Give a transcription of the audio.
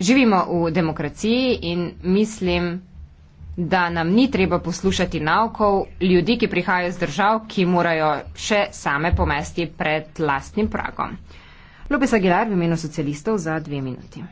Živimo v demokraciji in mislim, da nam ni treba poslušati naukov ljudi, ki prihajajo z držav, ki morajo še same pomesti pred lastnim pragom. Lopes Aguilar v imenu socialistov za dve minuti.